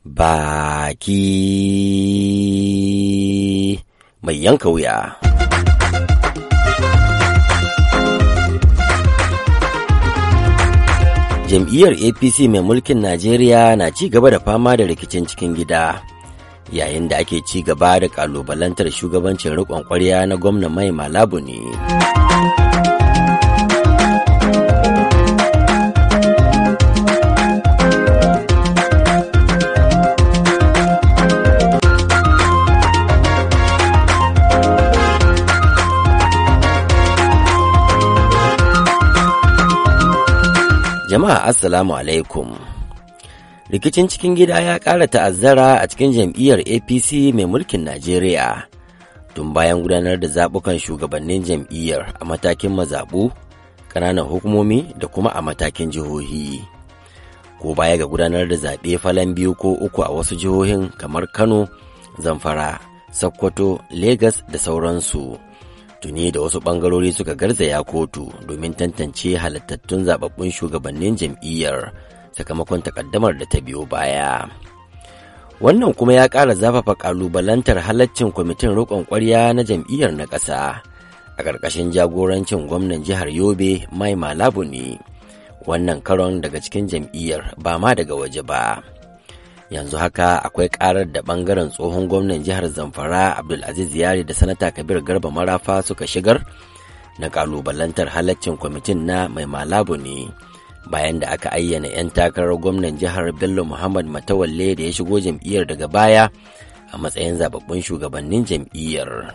baki mai yanka wuya. Jam'iyyar APC mai mulkin Najeriya na ci gaba da fama da rikicin cikin gida, yayin da ake ci gaba da ƙalubalantar shugabancin riƙon ƙwarya na gwamna mai malabu ne. Jama'a Assalamu alaikum. Rikicin cikin gida ya ƙara ta'azzara a cikin jam'iyyar APC mai mulkin Najeriya. Tun bayan gudanar da zaɓukan shugabannin jam'iyyar a matakin mazaɓu, ƙananan hukumomi da kuma a matakin jihohi. Ko baya ga gudanar da zaɓe falon biyu ko uku a wasu jihohin kamar Kano, Zamfara, Sokoto, Legas da sauransu. tuni da wasu bangarori suka garzaya kotu domin tantance halittattun zababbun shugabannin jam'iyyar sakamakon takaddamar da ta biyo baya wannan kuma ya ƙara zafafa ƙalubalantar halaccin kwamitin roƙon ƙwarya na jam'iyyar na ƙasa a ƙarƙashin jagorancin gwamnan jihar yobe mai malabu ne wannan karon daga cikin jam'iyyar ba ma daga waje ba. yanzu haka akwai karar da bangaren tsohon gwamnan jihar zamfara abdulaziz yari da sanata kabir garba marafa suka shigar na kalubalantar halaccin kwamitin na mai malabu ne bayan da aka ayyana 'yan takarar gwamnan jihar bello muhammad matawalle da ya shigo jam'iyyar daga baya a matsayin zababbun shugabannin jam'iyyar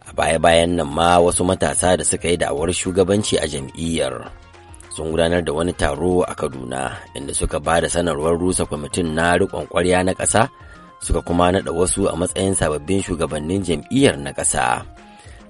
a baya-bayan nan ma wasu matasa da suka yi da'awar shugabanci a jam'iyyar sun gudanar da wani taro a Kaduna inda suka ba da sanarwar rusa kwamitin na riƙon ƙwarya na ƙasa suka kuma naɗa wasu a matsayin sababbin shugabannin jam'iyyar na ƙasa.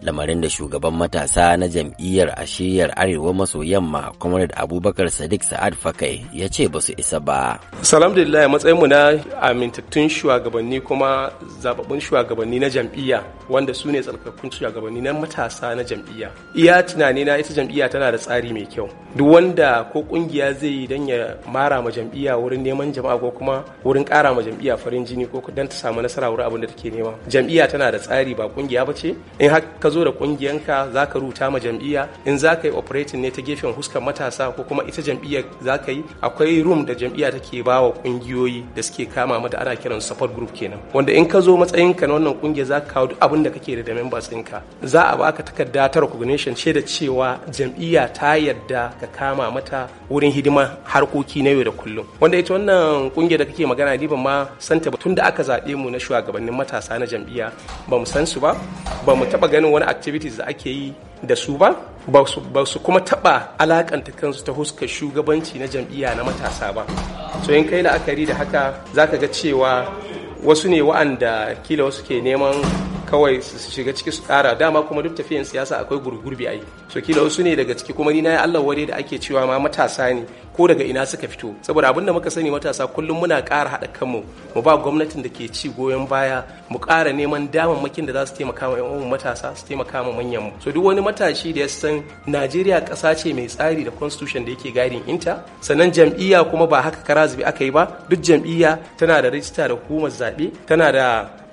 lamarin da shugaban matasa na jam'iyyar ashiyar arewa maso yamma comrade abubakar sadiq sa'ad fakai ya ce ba su isa ba alhamdulillah matsayin mu na amintattun shugabanni kuma zababbun shugabanni na jam'iyya wanda su ne tsarkakun shugabanni na matasa na jam'iyya iya tunani na ita jam'iyya tana da tsari mai kyau duk wanda ko kungiya zai yi don ya mara ma jam'iyya wurin neman jama'a ko kuma wurin kara ma jam'iyya farin jini ko don ta samu nasara wurin abin da take nema jam'iyya tana da tsari ba kungiya ba ce in ka zo da kungiyanka za ka rubuta ma jam'iyya in za ka yi operating ne ta gefen huskar matasa ko kuma ita jam'iyyar za ka yi akwai room da jam'iyya take ba wa kungiyoyi da suke kama mata ana kiran support group kenan wanda in ka zo matsayinka na wannan kungiya za ka kawo duk abin da kake da members ɗinka za a baka takarda ta recognition ce da cewa jam'iyya ta yadda ka kama mata wurin hidima harkoki na yau da kullum wanda ita wannan kungiya da kake magana ni ba ma santa ba tun da aka zaɓe mu na shugabannin matasa na jam'iyya ba mu san su ba ba mu taɓa ganin wani activities da ake yi da su ba ba su kuma taba alakanta kansu ta huskar shugabanci na jam'iyya na matasa ba so in kai la'akari da haka za ka ga cewa wasu ne wa'anda kila wasu ke neman kawai su shiga ciki su kara dama kuma duk tafiyan siyasa akwai gurgurbi ayi so kila wasu ne daga ciki kuma ni na Allah ware da ake cewa ma matasa ne ko daga ina suka fito saboda abin da muka sani matasa kullum muna kara haɗa kanmu mu ba gwamnatin da ke ci goyon baya mu kara neman damammakin da za su taimaka ma yan matasa su taimaka ma manyan mu so duk wani matashi da ya san Najeriya kasa ce mai tsari da constitution da yake gadin inta sannan jam'iyya kuma ba haka kara zubi aka yi ba duk jam'iyya tana da rajista da hukumar zaɓe tana da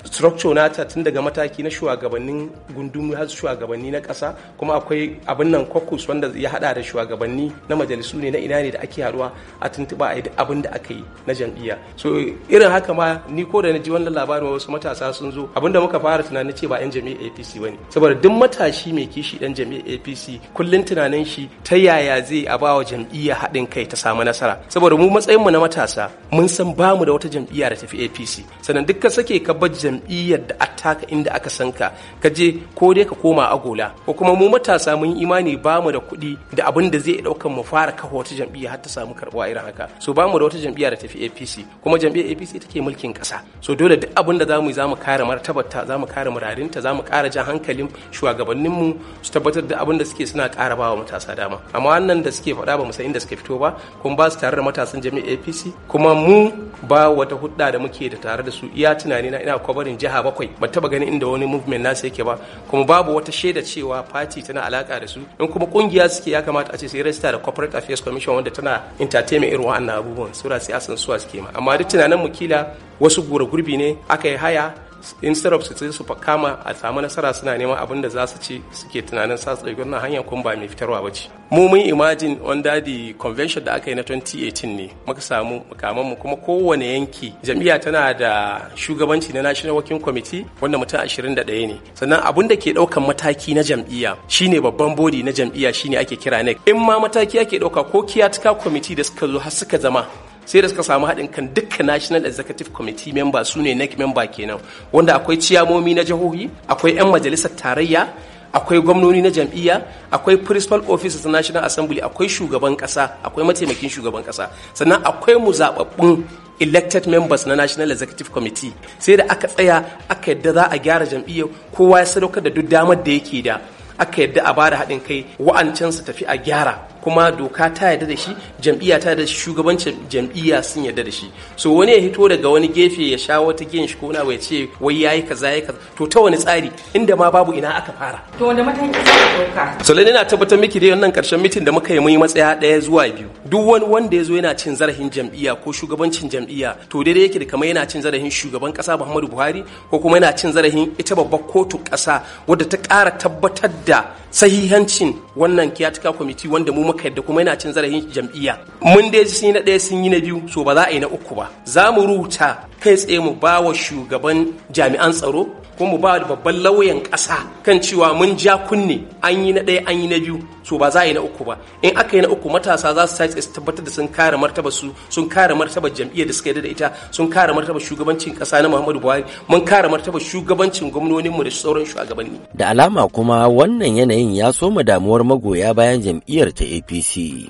structure nata tun daga mataki na shugabannin gundumi har shugabanni na ƙasa kuma akwai abin nan caucus wanda ya hada da shugabanni na majalisu ne na ina ne da ake haruwa a tuntuba a abin da aka yi na jam'iyya so irin haka ma ni ko da na ji wannan labarin wasu matasa sun zo abin da muka fara tunanin ce ba yan jami'a APC bane saboda duk matashi mai kishi dan jami'a APC kullun tunanin shi ta yaya zai a bawa jam'iyya haɗin kai ta samu nasara saboda mu matsayin mu na matasa mun san bamu da wata jam'iyya da tafi APC sannan dukkan sake kabbar jam'iyyar da attaka inda aka san ka ka je ko dai ka koma agola ko kuma mu matasa mun imani ba mu da kuɗi da abin da zai ɗaukan mu fara kafa wata jam'iyya har ta samu karɓuwa irin haka so ba mu da wata jam'iyya da tafi APC kuma jam'iyyar APC take mulkin ƙasa so dole duk abin da zamu yi zamu kare martabarta zamu kare murarinta zamu kara jan hankalin shugabannin mu su tabbatar da abin da suke suna kara wa matasa dama amma wannan da suke faɗa ba mu san inda suka fito ba kuma ba su tare da matasan jami'ar APC kuma mu ba wata hudda da muke da tare da su iya tunani na ina kwabar barin jiha bakwai ba taba ganin inda wani movement nasa yake ba kuma babu wata shaida cewa party tana alaka da su in kuma kungiya suke ya kamata a ce sai register da corporate affairs commission wanda tana entertainment irin wa'annan abubuwan sura sai a suwa suke ma amma duk tunanin mu kila wasu gura gurbi ne aka yi haya instead of su su kama a samu nasara suna neman abin da za su ci suke tunanin sa tsaye wannan hanyar kun ba mai fitarwa ba ce mu mun imagine under the convention da aka yi na 2018 ne muka samu mukaman mu kuma kowane yanki Jami'a tana da shugabanci na national working committee wanda mutum 21 ne sannan abin da ke daukan mataki na jam'iyya shine babban bodi na jam'iyya shine ake kira nec in ma mataki ake dauka ko kiyatika committee da suka zo har suka zama sai da suka samu haɗin kan duka national executive committee member su ne nec member kenan wanda akwai ciyamomi na jihohi akwai 'yan majalisar tarayya akwai gwamnoni na jam'iyya akwai principal office na national assembly akwai shugaban kasa akwai mataimakin shugaban kasa sannan akwai mu zababbun elected members na national executive committee sai da aka tsaya aka yadda za a gyara jam'iyyar kowa ya sadaukar da duk damar da yake da aka yadda a bada haɗin kai wa'ancan su tafi a gyara kuma doka ta yarda da shi jam'iyya ta yarda da shi shugabancin jam'iyya sun yarda da shi so wani ya hito daga wani gefe ya sha wata gen shi ko na ce wai yayi kaza yayi kaza to ta wani tsari inda ma babu ina aka fara to wanda mataki za ka dauka so ina tabbatar miki da wannan karshen mitin da muka yi mun matsaya daya zuwa biyu duk wani wanda ya zo yana cin zarafin jam'iyya ko shugabancin jam'iyya to daidai yake da kamar yana cin zarafin shugaban kasa Muhammadu Buhari ko kuma yana cin zarafin ita babbar kotu kasa wadda ta ƙara tabbatar da sahihancin wannan kiyatika kwamiti wanda mu muka yadda kuma yana cin zarafin jam'iyya mun dai sun yi na ɗaya sun yi na biyu so ba za a yi na uku ba za mu rubuta kai tsaye mu bawa shugaban jami'an tsaro ko mu ba da babban lauyan ƙasa kan cewa mun ja kunne an yi na ɗaya an yi na biyu so ba za a yi na uku ba in aka yi na uku matasa za su sace su tabbatar da sun kare martaba su sun kare martaba jam'iyyar da suka yarda da ita sun kare martaba shugabancin ƙasa na Muhammadu Buhari mun kare martaba shugabancin gwamnonin mu da sauran shugabanni da alama kuma wannan yanayin ya soma damuwar magoya bayan jam'iyyar ta APC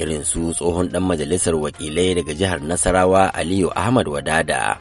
irin su tsohon dan majalisar wakilai daga jihar Nasarawa Aliyu Ahmad Wadada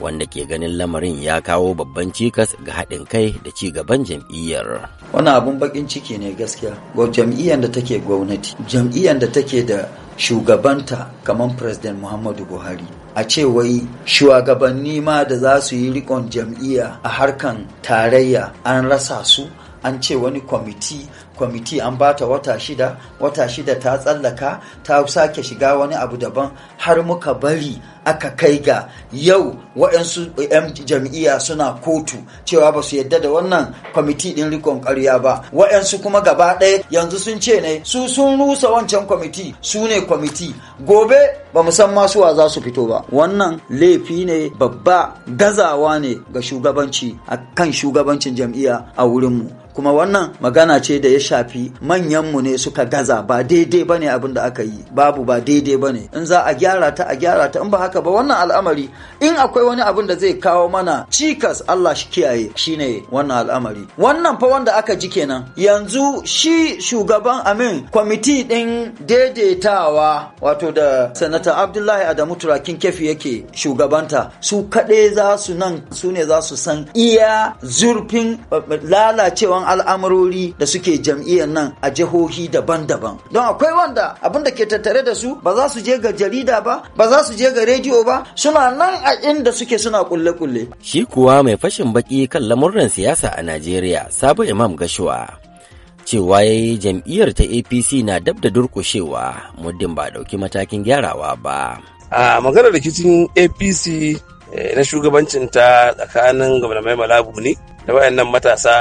wanda ke ganin lamarin ya kawo babban cikas ga haɗin kai da ci gaban jam'iyyar. Wani abun bakin ciki ne gaskiya. Jam'iyyar da take gwamnati, jam'iyyar da take da shugabanta kamar President Muhammadu Buhari. A ce wai shugabanni ma da za su yi rikon jam'iyya a harkan tarayya an rasa su an ce wani kwamiti kwamiti an bata wata shida wata shida ta tsallaka ta sake shiga wani abu daban har muka bari aka kai ga yau waɗansu 'yan jam'iyya suna kotu cewa ba su yadda da wannan kwamiti ɗin rikon ƙarya ba waɗansu kuma gaba ɗaya yanzu sun ce ne su sun rusa wancan kwamiti su ne kwamiti gobe ba mu san masu wa za su fito ba wannan laifi ne babba gazawa ne ga shugabanci a kan shugabancin jam'iyya a wurinmu kuma wannan magana ce da ya shafi manyanmu ne suka gaza ba daidai ba ne abin da aka yi babu ba daidai ba ne in za a gyara ta a gyara ta in ba haka haka ba wannan al'amari in akwai wani abin da zai kawo mana cikas Allah shi kiyaye shine wannan al'amari wannan fa wanda aka ji kenan yanzu shi shugaban amin kwamiti din daidaitawa wato da sanata Abdullahi Adamu Turakin Kefi yake shugabanta su kaɗai za su nan su ne za su san iya zurfin lalacewan al'amarori da suke jam'iyyar nan a jihohi daban-daban don akwai wanda abin da ke tattare da su ba za su je ga jarida ba ba za su je ga rediyo ba suna nan a inda suke suna kulle-kulle. Shi kuwa mai fashin baki kan lamurran siyasa a Najeriya Sabo Imam Gashuwa. Cewa ya jam'iyyar ta APC na dab da durkushewa muddin ba ɗauki matakin gyarawa ba. A maganar rikicin APC eh, na shugabancin ta tsakanin gwamna mai malabu ne da wayannan matasa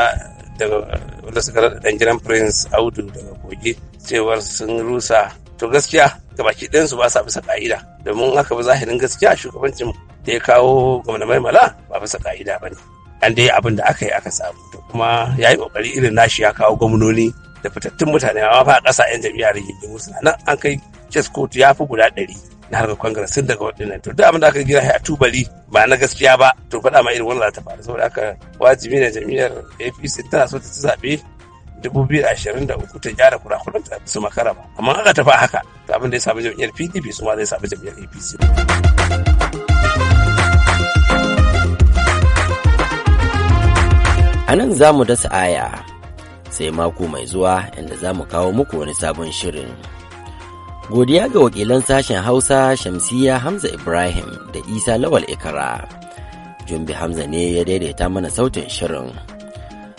daga wanda suka dan gidan prince audu daga kogi cewar sun rusa to gaskiya ga baki ɗinsu ba sa bisa ka'ida domin haka ba zahirin gaskiya shugabancin da ya kawo gwamna maimala ba bisa ka'ida ba ne an dai abin da aka yi aka samu kuma ya yi kokari irin nashi ya kawo gwamnoni da fitattun mutane amma fa ƙasa yan jam'iyyar rigingimu suna nan an kai chess court ya fi guda ɗari na harka kwangaras sun daga waɗannan to duk abin da aka gina a tubali ba na gaskiya ba to faɗa ma irin wannan za ta faru saboda haka wajibi ne jam'iyyar apc tana so ta ci zaɓe 2023 ta gyara ta su makara ba amma aka tafi haka abin da ya samu jam'iyyar pdp su ma zai samu jam'iyyar apc a nan za mu dasa aya sai mako mai zuwa inda za mu kawo muku wani sabon shirin godiya ga wakilan sashen hausa shamsiya hamza ibrahim da isa lawal ikara jumbi hamza ne ya daidaita mana sautin shirin